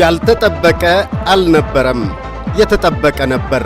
ያልተጠበቀ አልነበረም፣ የተጠበቀ ነበር።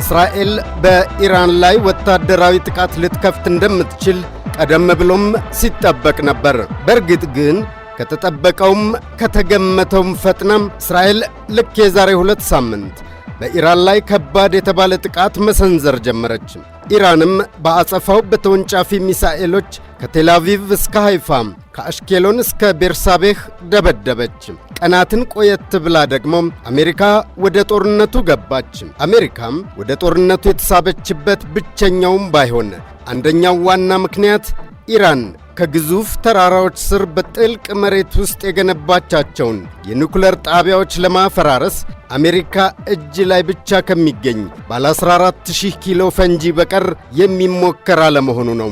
እስራኤል በኢራን ላይ ወታደራዊ ጥቃት ልትከፍት እንደምትችል ቀደም ብሎም ሲጠበቅ ነበር። በእርግጥ ግን ከተጠበቀውም ከተገመተውም ፈጥናም እስራኤል ልክ የዛሬ ሁለት ሳምንት በኢራን ላይ ከባድ የተባለ ጥቃት መሰንዘር ጀመረች። ኢራንም በአጸፋው በተወንጫፊ ሚሳኤሎች ከቴላቪቭ እስከ ሃይፋ ከአሽኬሎን እስከ ቤርሳቤህ ደበደበች። ቀናትን ቆየት ብላ ደግሞ አሜሪካ ወደ ጦርነቱ ገባች። አሜሪካም ወደ ጦርነቱ የተሳበችበት ብቸኛውም ባይሆን አንደኛው ዋና ምክንያት ኢራን ከግዙፍ ተራራዎች ስር በጥልቅ መሬት ውስጥ የገነባቻቸውን የኒኩለር ጣቢያዎች ለማፈራረስ አሜሪካ እጅ ላይ ብቻ ከሚገኝ ባለ 14000 ኪሎ ፈንጂ በቀር የሚሞከር አለመሆኑ ነው።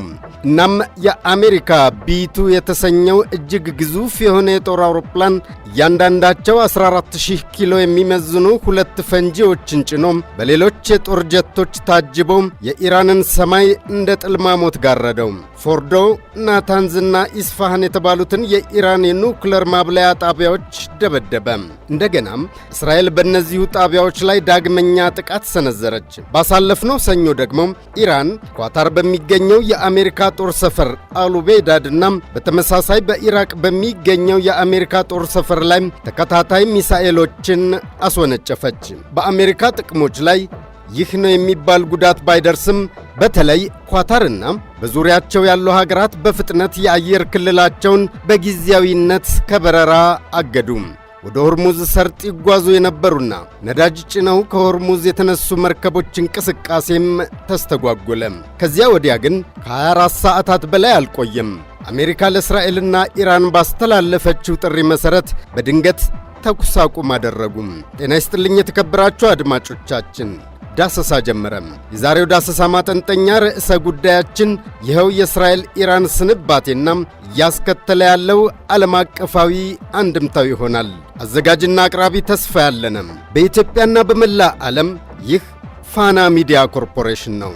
እናም የአሜሪካ ቢቱ የተሰኘው እጅግ ግዙፍ የሆነ የጦር አውሮፕላን እያንዳንዳቸው 14000 ኪሎ የሚመዝኑ ሁለት ፈንጂዎችን ጭኖ በሌሎች የጦር ጀቶች ታጅቦ የኢራንን ሰማይ እንደ ጥልማሞት ጋረደው። ፎርዶ፣ ናታንዝና ኢስፋሃን የተባሉትን የኢራን የኑክለር ማብለያ ጣቢያዎች ደበደበ። እንደገናም እስራኤል በእነዚሁ ጣቢያዎች ላይ ዳግመኛ ጥቃት ሰነዘረች። ባሳለፍነው ሰኞ ደግሞ ኢራን ኳታር በሚገኘው የአሜሪካ ጦር ሰፈር አሉቤዳድና በተመሳሳይ በኢራቅ በሚገኘው የአሜሪካ ጦር ሰፈር ላይ ተከታታይ ሚሳኤሎችን አስወነጨፈች። በአሜሪካ ጥቅሞች ላይ ይህ ነው የሚባል ጉዳት ባይደርስም በተለይ ኳታርና በዙሪያቸው ያሉ ሀገራት በፍጥነት የአየር ክልላቸውን በጊዜያዊነት ከበረራ አገዱም። ወደ ሆርሙዝ ሰርጥ ይጓዙ የነበሩና ነዳጅ ጭነው ከሆርሙዝ የተነሱ መርከቦች እንቅስቃሴም ተስተጓጎለ። ከዚያ ወዲያ ግን ከ24 ሰዓታት በላይ አልቆየም። አሜሪካ ለእስራኤልና ኢራን ባስተላለፈችው ጥሪ መሠረት በድንገት ተኩስ አቁም አደረጉም። ጤና ይስጥልኝ የተከበራችሁ አድማጮቻችን ዳሰሳ ጀመረም። የዛሬው ዳሰሳ ማጠንጠኛ ርዕሰ ጉዳያችን ይኸው የእስራኤል ኢራን ስንባቴና እያስከተለ ያለው ዓለም አቀፋዊ አንድምታው ይሆናል። አዘጋጅና አቅራቢ ተስፋ ያለነም በኢትዮጵያና በመላ ዓለም ይህ ፋና ሚዲያ ኮርፖሬሽን ነው።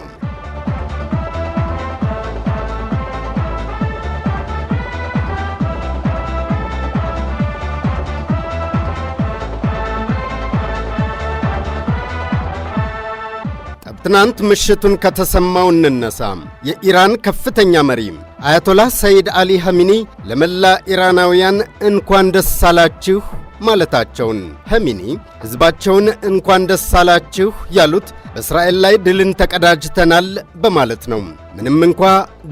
ትናንት ምሽቱን ከተሰማው እንነሳ። የኢራን ከፍተኛ መሪ አያቶላህ ሰይድ አሊ ሐሚኒ ለመላ ኢራናውያን እንኳን ደስ አላችሁ ማለታቸውን ሐሚኒ ሕዝባቸውን እንኳን ደስ አላችሁ ያሉት በእስራኤል ላይ ድልን ተቀዳጅተናል በማለት ነው። ምንም እንኳ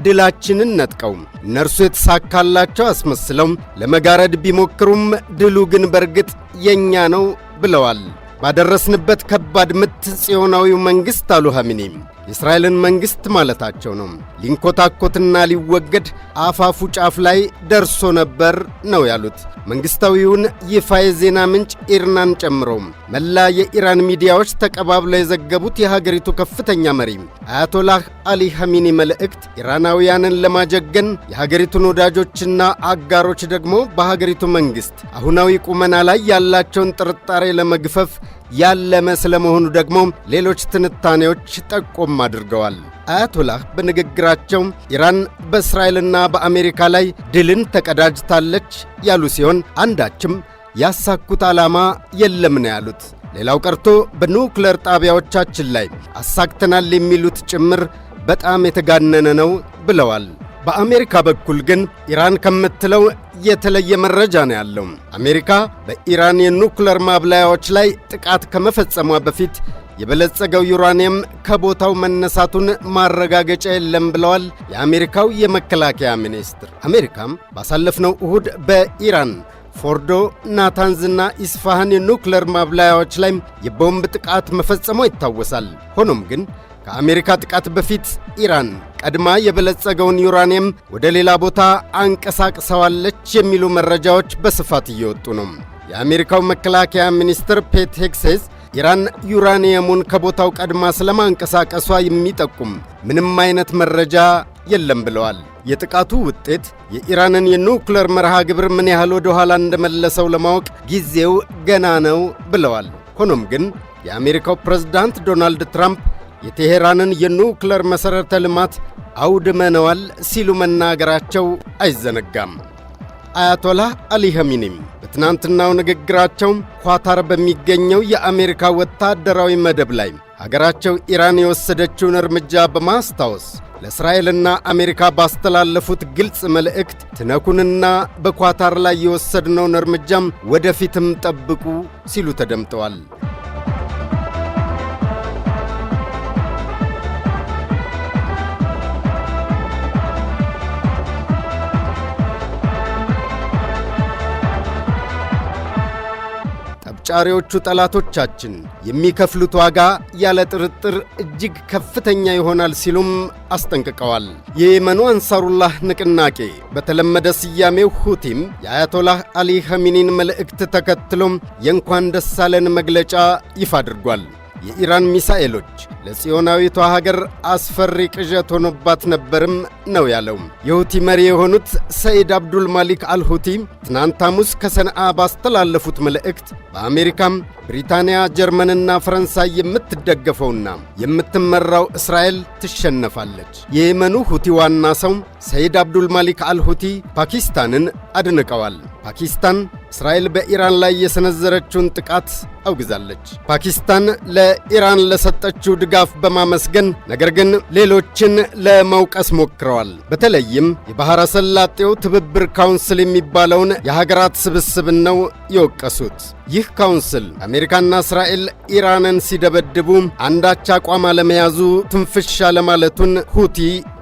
ድላችንን ነጥቀው እነርሱ የተሳካላቸው አስመስለው ለመጋረድ ቢሞክሩም ድሉ ግን በርግጥ የእኛ ነው ብለዋል። ባደረስንበት ከባድ ምት ጽዮናዊው መንግሥት አሉ ሐሚኒም የእስራኤልን መንግሥት ማለታቸው ነው። ሊንኮታኮትና ሊወገድ አፋፉ ጫፍ ላይ ደርሶ ነበር ነው ያሉት መንግሥታዊውን ይፋ የዜና ምንጭ ኢርናን ጨምሮ መላ የኢራን ሚዲያዎች ተቀባብለው የዘገቡት የሀገሪቱ ከፍተኛ መሪ አያቶላህ አሊ ሐሚኒ መልእክት ኢራናውያንን ለማጀገን የሀገሪቱን ወዳጆችና አጋሮች ደግሞ በሀገሪቱ መንግሥት አሁናዊ ቁመና ላይ ያላቸውን ጥርጣሬ ለመግፈፍ ያለመ ስለመሆኑ ደግሞ ሌሎች ትንታኔዎች ጠቆም አድርገዋል። አያቶላህ በንግግራቸው ኢራን በእስራኤልና በአሜሪካ ላይ ድልን ተቀዳጅታለች ያሉ ሲሆን አንዳችም ያሳኩት ዓላማ የለም ነው ያሉት። ሌላው ቀርቶ በኑክሌር ጣቢያዎቻችን ላይ አሳክተናል የሚሉት ጭምር በጣም የተጋነነ ነው ብለዋል። በአሜሪካ በኩል ግን ኢራን ከምትለው የተለየ መረጃ ነው ያለው። አሜሪካ በኢራን የኑክለር ማብላያዎች ላይ ጥቃት ከመፈጸሟ በፊት የበለጸገው ዩራኒየም ከቦታው መነሳቱን ማረጋገጫ የለም ብለዋል የአሜሪካው የመከላከያ ሚኒስትር። አሜሪካም ባሳለፍነው እሁድ በኢራን ፎርዶ፣ ናታንዝና ኢስፋሃን የኑክለር ማብላያዎች ላይም የቦምብ ጥቃት መፈጸሟ ይታወሳል። ሆኖም ግን ከአሜሪካ ጥቃት በፊት ኢራን ቀድማ የበለጸገውን ዩራኒየም ወደ ሌላ ቦታ አንቀሳቅሰዋለች የሚሉ መረጃዎች በስፋት እየወጡ ነው። የአሜሪካው መከላከያ ሚኒስትር ፔት ሄግሴዝ ኢራን ዩራኒየሙን ከቦታው ቀድማ ስለማንቀሳቀሷ የሚጠቁም ምንም አይነት መረጃ የለም ብለዋል። የጥቃቱ ውጤት የኢራንን የኑክለር መርሃ ግብር ምን ያህል ወደ ኋላ እንደመለሰው ለማወቅ ጊዜው ገና ነው ብለዋል። ሆኖም ግን የአሜሪካው ፕሬዝዳንት ዶናልድ ትራምፕ የቴሄራንን የኑክለር መሠረተ ልማት አውድመነዋል ሲሉ መናገራቸው አይዘነጋም። አያቶላህ አሊ ኸሚኒም በትናንትናው ንግግራቸው ኳታር በሚገኘው የአሜሪካ ወታደራዊ መደብ ላይ ሀገራቸው ኢራን የወሰደችውን እርምጃ በማስታወስ ለእስራኤልና አሜሪካ ባስተላለፉት ግልጽ መልእክት ትነኩንና በኳታር ላይ የወሰድነውን እርምጃም ወደፊትም ጠብቁ ሲሉ ተደምጠዋል። አጫሪዎቹ ጠላቶቻችን የሚከፍሉት ዋጋ ያለ ጥርጥር እጅግ ከፍተኛ ይሆናል ሲሉም አስጠንቅቀዋል። የየመኑ አንሳሩላህ ንቅናቄ በተለመደ ስያሜው ሁቲም የአያቶላህ አሊ ኸሚኒን መልእክት ተከትሎም የእንኳን ደሳለን መግለጫ ይፋ አድርጓል። የኢራን ሚሳኤሎች ለጽዮናዊቷ ሀገር አስፈሪ ቅዠት ሆኖባት ነበርም ነው ያለው። የሁቲ መሪ የሆኑት ሰኢድ አብዱል ማሊክ አልሁቲ ትናንት ሐሙስ ከሰንዓ ባስተላለፉት መልእክት በአሜሪካም ብሪታንያ፣ ጀርመንና ፈረንሳይ የምትደገፈውና የምትመራው እስራኤል ትሸነፋለች። የየመኑ ሁቲ ዋና ሰው ሰይድ አብዱል ማሊክ አልሁቲ ፓኪስታንን አድንቀዋል። ፓኪስታን እስራኤል በኢራን ላይ የሰነዘረችውን ጥቃት አውግዛለች። ፓኪስታን ለኢራን ለሰጠችው ድጋፍ ድጋፍ በማመስገን ነገር ግን ሌሎችን ለመውቀስ ሞክረዋል። በተለይም የባሕረ ሰላጤው ትብብር ካውንስል የሚባለውን የሀገራት ስብስብን ነው የወቀሱት። ይህ ካውንስል አሜሪካና እስራኤል ኢራንን ሲደበድቡ አንዳች አቋም አለመያዙ ትንፍሽ አለማለቱን ሁቲ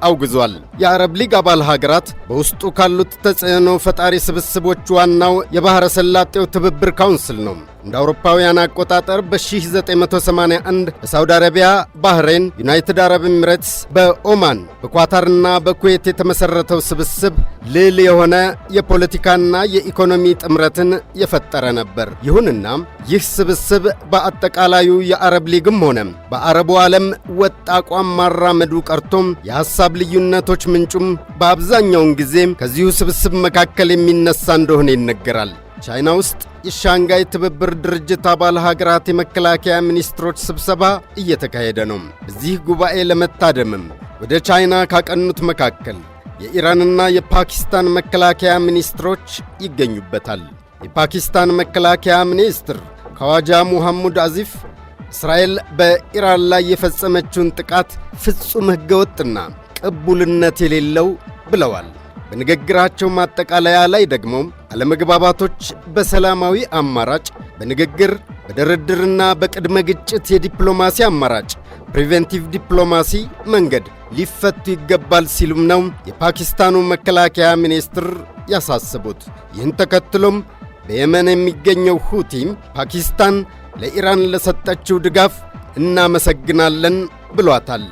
አውግዟል። የአረብ ሊግ አባል ሀገራት በውስጡ ካሉት ተጽዕኖ ፈጣሪ ስብስቦች ዋናው የባሕረ ሰላጤው ትብብር ካውንስል ነው። እንደ አውሮፓውያን አቆጣጠር በ1981 በሳውዲ አረቢያ፣ ባህሬን፣ ዩናይትድ አረብ ኤምሬትስ፣ በኦማን በኳታርና በኩዌት የተመሠረተው ስብስብ ልዕል የሆነ የፖለቲካና የኢኮኖሚ ጥምረትን የፈጠረ ነበር። ይሁንና ይህ ስብስብ በአጠቃላዩ የአረብ ሊግም ሆነ በአረቡ ዓለም ወጥ አቋም ማራመዱ ቀርቶም የሐሳብ ልዩነቶች ምንጩም በአብዛኛውን ጊዜ ከዚሁ ስብስብ መካከል የሚነሳ እንደሆነ ይነገራል። ቻይና ውስጥ የሻንጋይ ትብብር ድርጅት አባል ሀገራት የመከላከያ ሚኒስትሮች ስብሰባ እየተካሄደ ነው። በዚህ ጉባኤ ለመታደምም ወደ ቻይና ካቀኑት መካከል የኢራንና የፓኪስታን መከላከያ ሚኒስትሮች ይገኙበታል። የፓኪስታን መከላከያ ሚኒስትር ከዋጃ ሙሐሙድ አዚፍ እስራኤል በኢራን ላይ የፈጸመችውን ጥቃት ፍጹም ሕገወጥና ቅቡልነት የሌለው ብለዋል። በንግግራቸው ማጠቃለያ ላይ ደግሞ አለመግባባቶች በሰላማዊ አማራጭ፣ በንግግር በድርድርና በቅድመ ግጭት የዲፕሎማሲ አማራጭ ፕሪቬንቲቭ ዲፕሎማሲ መንገድ ሊፈቱ ይገባል ሲሉም ነው የፓኪስታኑ መከላከያ ሚኒስትር ያሳስቡት ይህን ተከትሎም በየመን የሚገኘው ሁቲ ፓኪስታን ለኢራን ለሰጠችው ድጋፍ እናመሰግናለን ብሏታል።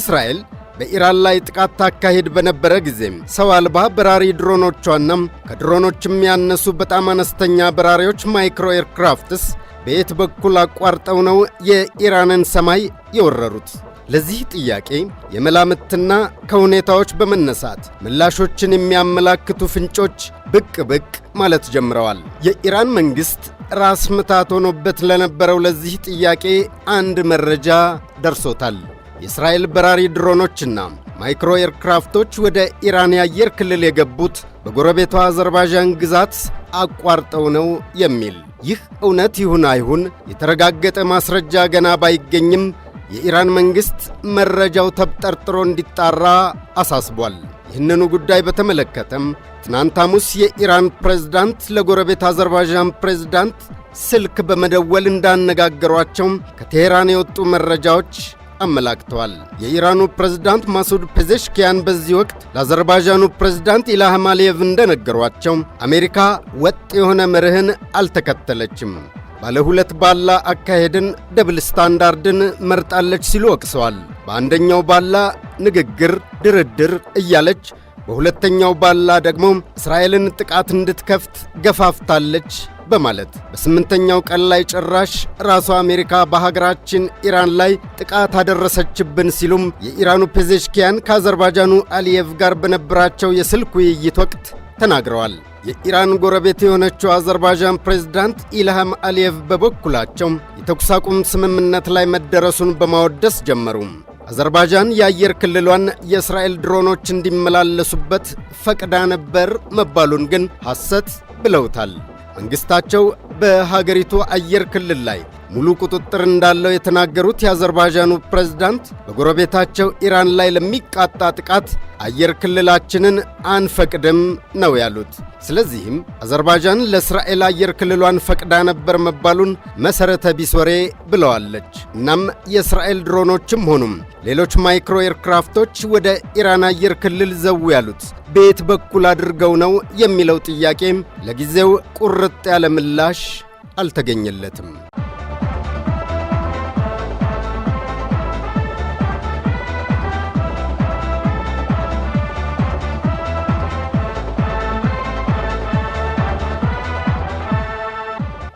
እስራኤል በኢራን ላይ ጥቃት ታካሄድ በነበረ ጊዜ ሰው አልባ በራሪ ድሮኖቿና ከድሮኖችም ያነሱ በጣም አነስተኛ በራሪዎች ማይክሮ ኤርክራፍትስ በየት በኩል አቋርጠው ነው የኢራንን ሰማይ የወረሩት? ለዚህ ጥያቄ የመላምትና ከሁኔታዎች በመነሳት ምላሾችን የሚያመላክቱ ፍንጮች ብቅ ብቅ ማለት ጀምረዋል። የኢራን መንግሥት ራስ ምታት ሆኖበት ለነበረው ለዚህ ጥያቄ አንድ መረጃ ደርሶታል። የእስራኤል በራሪ ድሮኖችና ማይክሮ ኤርክራፍቶች ወደ ኢራን የአየር ክልል የገቡት በጎረቤቷ አዘርባይጃን ግዛት አቋርጠው ነው የሚል ይህ እውነት ይሁን አይሁን የተረጋገጠ ማስረጃ ገና ባይገኝም የኢራን መንግሥት መረጃው ተብጠርጥሮ እንዲጣራ አሳስቧል። ይህንኑ ጉዳይ በተመለከተም ትናንት ሐሙስ የኢራን ፕሬዝዳንት ለጎረቤት አዘርባይጃን ፕሬዝዳንት ስልክ በመደወል እንዳነጋገሯቸው ከቴሄራን የወጡ መረጃዎች አመላክተዋል። የኢራኑ ፕሬዝዳንት ማሱድ ፔዜሽኪያን በዚህ ወቅት ለአዘርባይጃኑ ፕሬዝዳንት ኢላህም አሊየቭ እንደነገሯቸው አሜሪካ ወጥ የሆነ መርህን አልተከተለችም ባለ ሁለት ባላ አካሄድን ደብል ስታንዳርድን መርጣለች ሲሉ ወቅሰዋል። በአንደኛው ባላ ንግግር፣ ድርድር እያለች በሁለተኛው ባላ ደግሞ እስራኤልን ጥቃት እንድትከፍት ገፋፍታለች በማለት በስምንተኛው ቀን ላይ ጭራሽ ራሷ አሜሪካ በሀገራችን ኢራን ላይ ጥቃት አደረሰችብን ሲሉም የኢራኑ ፔዜሽኪያን ከአዘርባጃኑ አሊየቭ ጋር በነበራቸው የስልክ ውይይት ወቅት ተናግረዋል። የኢራን ጎረቤት የሆነችው አዘርባጃን ፕሬዝዳንት ኢልሃም አሊየቭ በበኩላቸው የተኩስ አቁም ስምምነት ላይ መደረሱን በማወደስ ጀመሩ። አዘርባጃን የአየር ክልሏን የእስራኤል ድሮኖች እንዲመላለሱበት ፈቅዳ ነበር መባሉን ግን ሐሰት ብለውታል። መንግሥታቸው በሀገሪቱ አየር ክልል ላይ ሙሉ ቁጥጥር እንዳለው የተናገሩት የአዘርባይጃኑ ፕሬዝዳንት በጎረቤታቸው ኢራን ላይ ለሚቃጣ ጥቃት አየር ክልላችንን አንፈቅድም ነው ያሉት። ስለዚህም አዘርባይጃን ለእስራኤል አየር ክልሏን ፈቅዳ ነበር መባሉን መሠረተ ቢስ ወሬ ብለዋለች። እናም የእስራኤል ድሮኖችም ሆኑም ሌሎች ማይክሮ ኤርክራፍቶች ወደ ኢራን አየር ክልል ዘው ያሉት በየት በኩል አድርገው ነው የሚለው ጥያቄም ለጊዜው ቁርጥ ያለ ምላሽ አልተገኘለትም።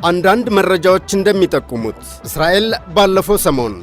አንዳንድ መረጃዎች እንደሚጠቁሙት እስራኤል ባለፈው ሰሞን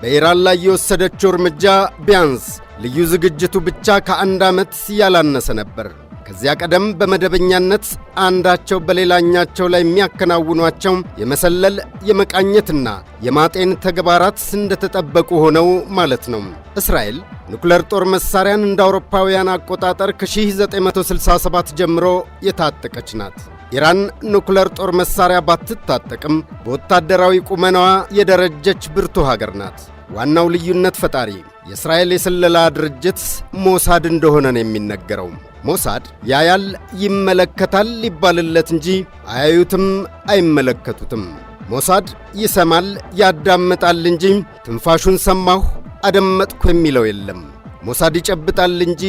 በኢራን ላይ የወሰደችው እርምጃ ቢያንስ ልዩ ዝግጅቱ ብቻ ከአንድ ዓመት ያላነሰ ነበር። ከዚያ ቀደም በመደበኛነት አንዳቸው በሌላኛቸው ላይ የሚያከናውኗቸው የመሰለል የመቃኘትና የማጤን ተግባራት እንደተጠበቁ ሆነው ማለት ነው። እስራኤል ኑክለር ጦር መሳሪያን እንደ አውሮፓውያን አቆጣጠር ከ1967 ጀምሮ የታጠቀች ናት። ኢራን ኑክለር ጦር መሳሪያ ባትታጠቅም በወታደራዊ ቁመናዋ የደረጀች ብርቱ ሀገር ናት። ዋናው ልዩነት ፈጣሪ የእስራኤል የስለላ ድርጅት ሞሳድ እንደሆነ ነው የሚነገረው። ሞሳድ ያያል፣ ይመለከታል ሊባልለት እንጂ አያዩትም፣ አይመለከቱትም። ሞሳድ ይሰማል፣ ያዳምጣል እንጂ ትንፋሹን ሰማሁ አደመጥኩ የሚለው የለም። ሞሳድ ይጨብጣል እንጂ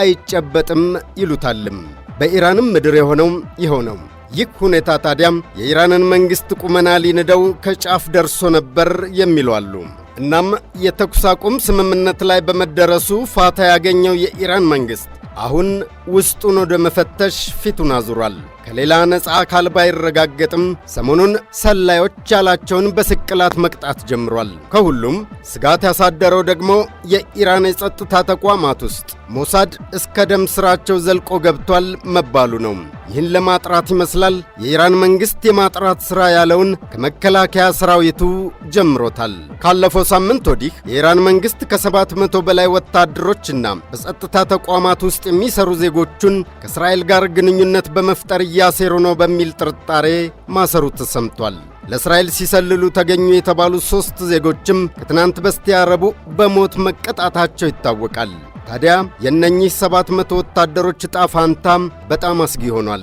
አይጨበጥም ይሉታልም። በኢራንም ምድር የሆነው ይኸው ነው። ይህ ሁኔታ ታዲያም የኢራንን መንግሥት ቁመና ሊንደው ከጫፍ ደርሶ ነበር የሚሉ አሉ። እናም የተኩስ አቁም ስምምነት ላይ በመደረሱ ፋታ ያገኘው የኢራን መንግሥት አሁን ውስጡን ወደ መፈተሽ ፊቱን አዙሯል። ከሌላ ነፃ አካል ባይረጋገጥም ሰሞኑን ሰላዮች ያላቸውን በስቅላት መቅጣት ጀምሯል። ከሁሉም ስጋት ያሳደረው ደግሞ የኢራን የጸጥታ ተቋማት ውስጥ ሞሳድ እስከ ደም ስራቸው ዘልቆ ገብቷል መባሉ ነው። ይህን ለማጥራት ይመስላል የኢራን መንግሥት የማጥራት ሥራ ያለውን ከመከላከያ ሰራዊቱ ጀምሮታል። ካለፈው ሳምንት ወዲህ የኢራን መንግሥት ከሰባት መቶ በላይ ወታደሮችና በጸጥታ ተቋማት ውስጥ የሚሰሩ ዜጎቹን ከእስራኤል ጋር ግንኙነት በመፍጠር እያሴሩ ነው በሚል ጥርጣሬ ማሰሩ ተሰምቷል። ለእስራኤል ሲሰልሉ ተገኙ የተባሉ ሦስት ዜጎችም ከትናንት በስቲያ ረቡዕ በሞት መቀጣታቸው ይታወቃል። ታዲያ የእነኚህ ሰባት መቶ ወታደሮች ዕጣ ፋንታም በጣም አስጊ ሆኗል።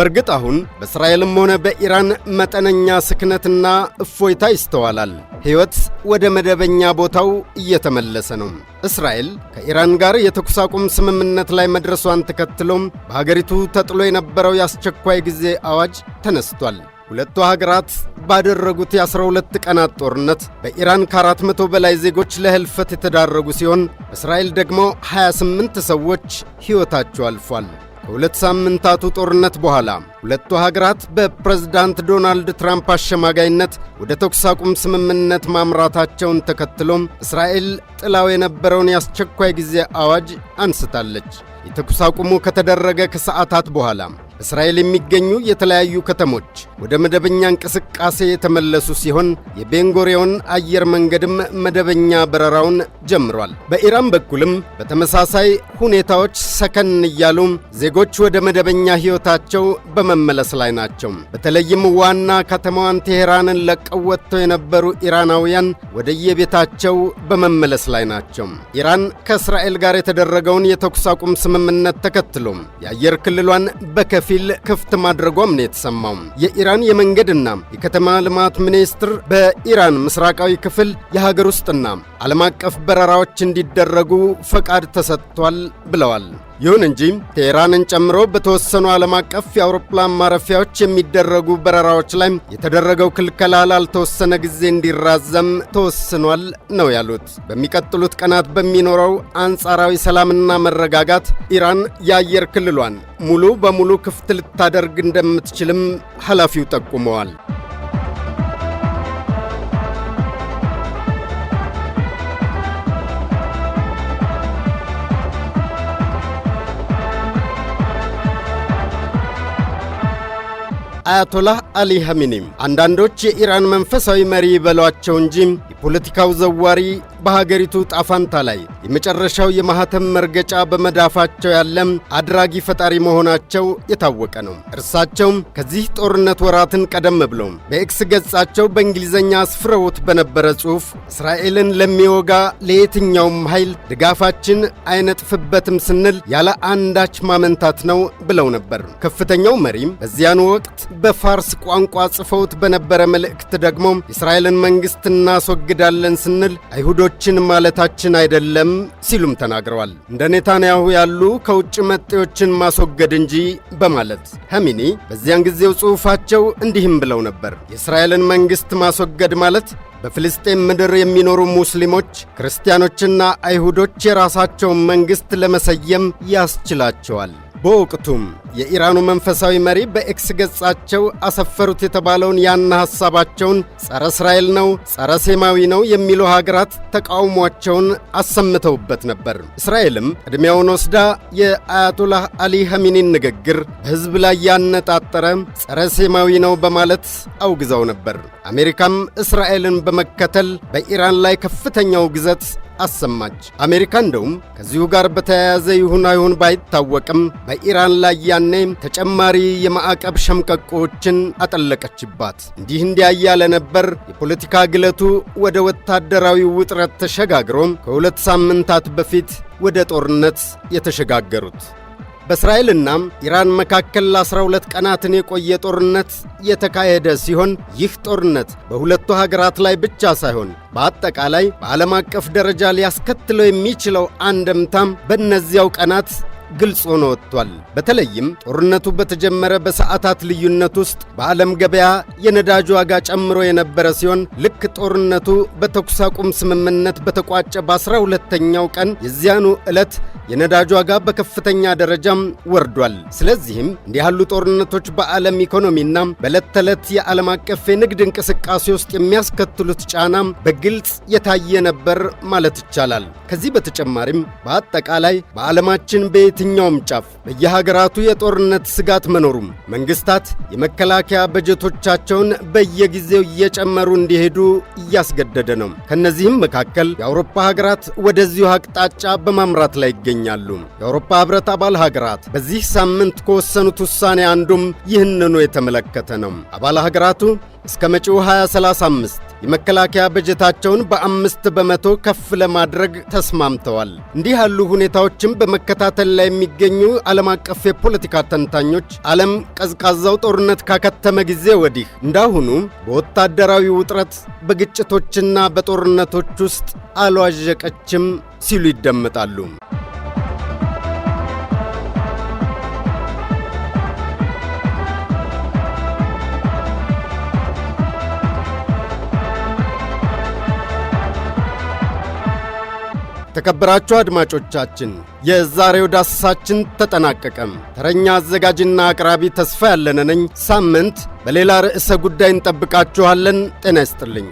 በእርግጥ አሁን በእስራኤልም ሆነ በኢራን መጠነኛ ስክነትና እፎይታ ይስተዋላል። ሕይወት ወደ መደበኛ ቦታው እየተመለሰ ነው። እስራኤል ከኢራን ጋር የተኩስ አቁም ስምምነት ላይ መድረሷን ተከትሎም በሀገሪቱ ተጥሎ የነበረው የአስቸኳይ ጊዜ አዋጅ ተነስቷል። ሁለቱ ሀገራት ባደረጉት የ12 ቀናት ጦርነት በኢራን ከ400 በላይ ዜጎች ለህልፈት የተዳረጉ ሲሆን በእስራኤል ደግሞ 28 ሰዎች ሕይወታቸው አልፏል። ከሁለት ሳምንታቱ ጦርነት በኋላ ሁለቱ ሀገራት በፕሬዝዳንት ዶናልድ ትራምፕ አሸማጋይነት ወደ ተኩስ አቁም ስምምነት ማምራታቸውን ተከትሎም እስራኤል ጥላው የነበረውን የአስቸኳይ ጊዜ አዋጅ አንስታለች። የተኩስ አቁሙ ከተደረገ ከሰዓታት በኋላ በእስራኤል የሚገኙ የተለያዩ ከተሞች ወደ መደበኛ እንቅስቃሴ የተመለሱ ሲሆን የቤንጎሪዮን አየር መንገድም መደበኛ በረራውን ጀምሯል። በኢራን በኩልም በተመሳሳይ ሁኔታዎች ሰከን እያሉ ዜጎች ወደ መደበኛ ሕይወታቸው በመመለስ ላይ ናቸው። በተለይም ዋና ከተማዋን ቴሄራንን ለቀው ወጥተው የነበሩ ኢራናውያን ወደየቤታቸው በመመለስ ላይ ናቸው። ኢራን ከእስራኤል ጋር የተደረገውን የተኩስ አቁም ስምምነት ተከትሎ የአየር ክልሏን በከፊ በከፊል ክፍት ማድረጓም ነው የተሰማው። የኢራን የመንገድና የከተማ ልማት ሚኒስትር በኢራን ምስራቃዊ ክፍል የሀገር ውስጥና ዓለም አቀፍ በረራዎች እንዲደረጉ ፈቃድ ተሰጥቷል ብለዋል። ይሁን እንጂ ቴህራንን ጨምሮ በተወሰኑ ዓለም አቀፍ የአውሮፕላን ማረፊያዎች የሚደረጉ በረራዎች ላይ የተደረገው ክልከላ ላልተወሰነ ጊዜ እንዲራዘም ተወስኗል ነው ያሉት። በሚቀጥሉት ቀናት በሚኖረው አንጻራዊ ሰላምና መረጋጋት ኢራን የአየር ክልሏን ሙሉ በሙሉ ክፍት ልታደርግ እንደምትችልም ኃላፊው ጠቁመዋል። አያቶላህ አሊ ሐሚኒም አንዳንዶች የኢራን መንፈሳዊ መሪ ይበሏቸው እንጂ የፖለቲካው ዘዋሪ በሀገሪቱ ጣፋንታ ላይ የመጨረሻው የማኅተም መርገጫ በመዳፋቸው ያለም አድራጊ ፈጣሪ መሆናቸው የታወቀ ነው። እርሳቸውም ከዚህ ጦርነት ወራትን ቀደም ብለው በኤክስ ገጻቸው በእንግሊዝኛ አስፍረውት በነበረ ጽሑፍ እስራኤልን ለሚወጋ ለየትኛውም ኃይል ድጋፋችን አይነጥፍበትም ስንል ያለ አንዳች ማመንታት ነው ብለው ነበር። ከፍተኛው መሪም በዚያን ወቅት በፋርስ ቋንቋ ጽፈውት በነበረ መልእክት ደግሞ የእስራኤልን መንግሥት እናስወግዳለን ስንል አይሁዶ ሌሎችን ማለታችን አይደለም ሲሉም ተናግረዋል። እንደ ኔታንያሁ ያሉ ከውጭ መጤዎችን ማስወገድ እንጂ በማለት ሐሚኒ በዚያን ጊዜው ጽሑፋቸው እንዲህም ብለው ነበር። የእስራኤልን መንግሥት ማስወገድ ማለት በፍልስጤም ምድር የሚኖሩ ሙስሊሞች፣ ክርስቲያኖችና አይሁዶች የራሳቸውን መንግሥት ለመሰየም ያስችላቸዋል። በወቅቱም የኢራኑ መንፈሳዊ መሪ በኤክስ ገጻቸው አሰፈሩት የተባለውን ያን ሐሳባቸውን ጸረ እስራኤል ነው፣ ጸረ ሴማዊ ነው የሚሉ ሀገራት ተቃውሟቸውን አሰምተውበት ነበር። እስራኤልም ዕድሜያውን ወስዳ የአያቶላህ አሊ ሐሚኒን ንግግር በሕዝብ ላይ ያነጣጠረ ጸረ ሴማዊ ነው በማለት አውግዛው ነበር። አሜሪካም እስራኤልን በመከተል በኢራን ላይ ከፍተኛው ግዘት አሰማች። አሜሪካ እንደውም ከዚሁ ጋር በተያያዘ ይሁን አይሁን ባይታወቅም በኢራን ላይ ያኔ ተጨማሪ የማዕቀብ ሸምቀቆዎችን አጠለቀችባት። እንዲህ እንዲያ ነበር የፖለቲካ ግለቱ ወደ ወታደራዊ ውጥረት ተሸጋግሮ ከሁለት ሳምንታት በፊት ወደ ጦርነት የተሸጋገሩት። በእስራኤልና ኢራን መካከል ለ12 ቀናትን የቆየ ጦርነት የተካሄደ ሲሆን ይህ ጦርነት በሁለቱ ሀገራት ላይ ብቻ ሳይሆን በአጠቃላይ በዓለም አቀፍ ደረጃ ሊያስከትለው የሚችለው አንድምታም በእነዚያው ቀናት ግልጽ ሆኖ ወጥቷል። በተለይም ጦርነቱ በተጀመረ በሰዓታት ልዩነት ውስጥ በዓለም ገበያ የነዳጅ ዋጋ ጨምሮ የነበረ ሲሆን ልክ ጦርነቱ በተኩስ አቁም ስምምነት በተቋጨ በአስራ ሁለተኛው ቀን የዚያኑ ዕለት የነዳጅ ዋጋ በከፍተኛ ደረጃም ወርዷል። ስለዚህም እንዲህ ያሉ ጦርነቶች በዓለም ኢኮኖሚና በዕለት ተዕለት የዓለም አቀፍ የንግድ እንቅስቃሴ ውስጥ የሚያስከትሉት ጫና በግልጽ የታየ ነበር ማለት ይቻላል። ከዚህ በተጨማሪም በአጠቃላይ በዓለማችን ቤት በየትኛውም ጫፍ በየሀገራቱ የጦርነት ስጋት መኖሩም መንግስታት የመከላከያ በጀቶቻቸውን በየጊዜው እየጨመሩ እንዲሄዱ እያስገደደ ነው። ከእነዚህም መካከል የአውሮፓ ሀገራት ወደዚሁ አቅጣጫ በማምራት ላይ ይገኛሉ። የአውሮፓ ህብረት አባል ሀገራት በዚህ ሳምንት ከወሰኑት ውሳኔ አንዱም ይህንኑ የተመለከተ ነው። አባል ሀገራቱ እስከ መጪው 2035 የመከላከያ በጀታቸውን በአምስት በመቶ ከፍ ለማድረግ ተስማምተዋል። እንዲህ ያሉ ሁኔታዎችም በመከታተል ላይ የሚገኙ ዓለም አቀፍ የፖለቲካ ተንታኞች ዓለም ቀዝቃዛው ጦርነት ካከተመ ጊዜ ወዲህ እንዳሁኑ በወታደራዊ ውጥረት በግጭቶችና በጦርነቶች ውስጥ አልዋዠቀችም ሲሉ ይደመጣሉ። የተከበራችሁ አድማጮቻችን የዛሬው ዳሰሳችን ተጠናቀቀም። ተረኛ አዘጋጅና አቅራቢ ተስፋ ያለነ ነኝ። ሳምንት በሌላ ርዕሰ ጉዳይ እንጠብቃችኋለን። ጤና ይስጥልኝ።